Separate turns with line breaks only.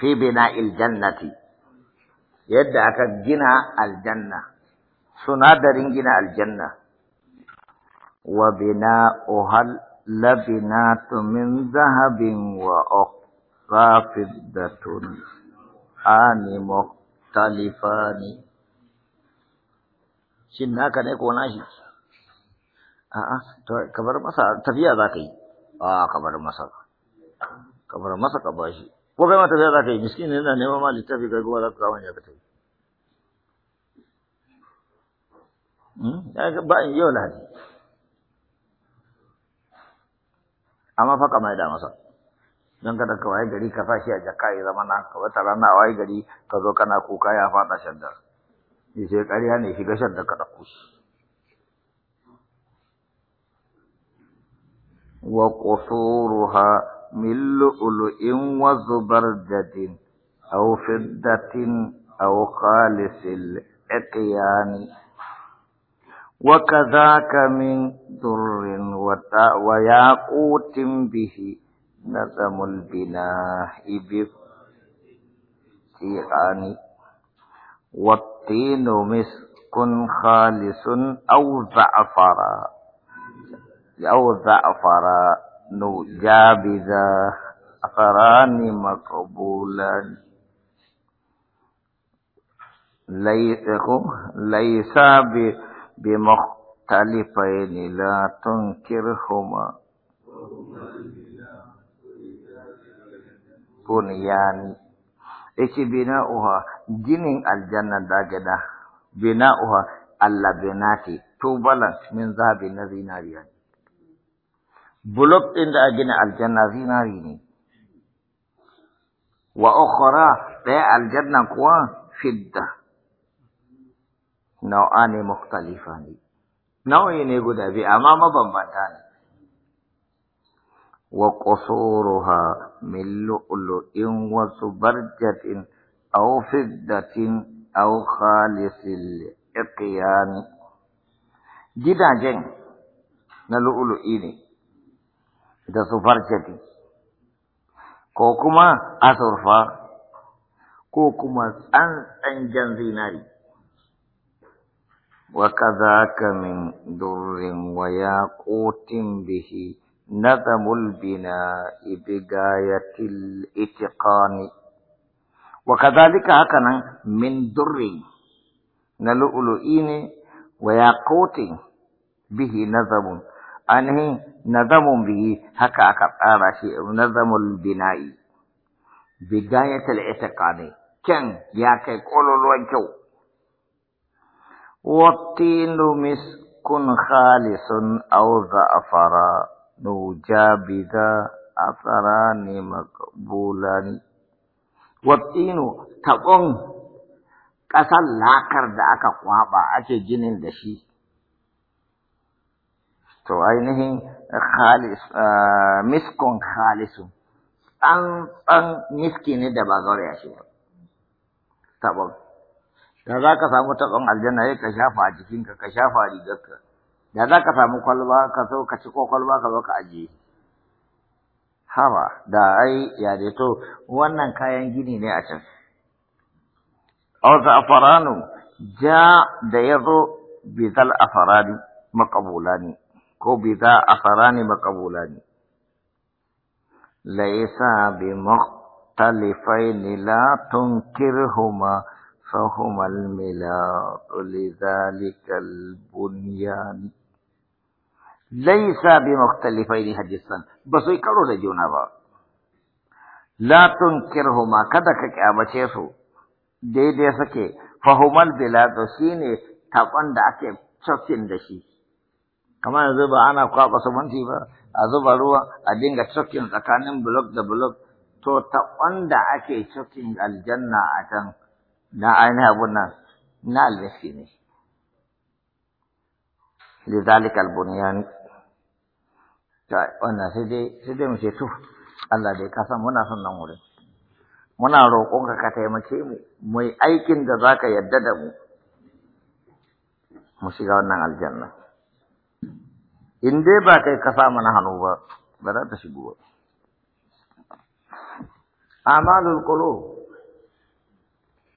في بناء الجنة يد جنا الجنة سنادرين جنا الجنة وبناؤها لبنات من ذهب وأخرى فضة آن مختلفان شنا كان يقول آه, آه، كبر مصر تفيا ذاكي آه كبر مصر كبر مصر كباشي ko kai ma tafiya zaka yi miskin ne yana neman ma littafi ga gowa za ka kawo ya ka tafi hmm? ba in yau lahadi amma faka mai da masa don kada ka waye gari ka fashi a jaka yi zama na ka wata rana a waye gari ka zo kana kuka ya fada shaddar ya ce ƙarya ne shiga shaddar ka ɗauko shi wa qusuruha من لؤلؤ وزبرجد أو فضة أو خالص العقيان وكذاك من در وياقوت به نظم البناء بالتيعان والطين مسك خالص أو زعفرا أو زعفرا نجابذا أثران مقبولان ليس بمختلفين لا تنكرهما بنيان ايش بناؤها جنين الجنة داجدة بناؤها اللبنات توبلت من ذهب النبي ناريان بلوك اند اجن الجنة في ناريني واخرى في الجنة كوا شدة نوعان مختلفان نوعين يقول في امام بمبتان وقصورها من لؤلؤ وسبرجة او فضة او خالص الاقيان جدا جن نلؤلؤ da su farcati, ko kuma asurfa, ko kuma tsantsan jan zinari, wa kaza ka min durin waya kotin bihi na bina ibigayatil itikani. Wa kaza haka nan min durin na lu'ulu'i ne waya kotin bihi na أنهي نظم به هكا أكب آباشي نظم البناء بداية الاعتقاد كن ياكي قولوا الوجو والطين مسك خالص أو ذأفر نجاب ذا أثران مقبولان والطين تقوم كسل لاكر ذاك قوابا أكي جنين دشي to ainihin khalis ah, miskun khalisun an tsan miski ne da ba gauraya shi ba Sabon. da za ka samu tabon aljanna ya ka shafa a jikinka ka shafa rigarka da za ka samu kwalba ka zo ka ci ko kwalba ka zo ka ajiye hawa da ai ya to wannan kayan gini ne a can auza ja da yazo bi zal afarani maƙabula ko bida asarani makabulani laisa bi ni la tunkirhuma fahuma almilat lidhalikal bunyan laisa bi ba hadisan yi karo da juna ba la tunkirhuma kada ka kyamace su daidai suke fahuma shi shine taƙon da ake cocin da shi kamar yanzu ba ana kwaba samanti ba a zuba ruwa a dinga cokin tsakanin blok da blok to ta wanda ake cokin aljanna a can na ainihin abun nan na albashi ne albuniyan ta wannan sai dai mu ce to Allah dai ka san muna son nan wurin muna roƙon ka taimake mu mai aikin da zaka yadda da mu mu shiga wannan aljanna in dai ba kai ka sa mana hannu ba ba za ta shigo ba amalul qulub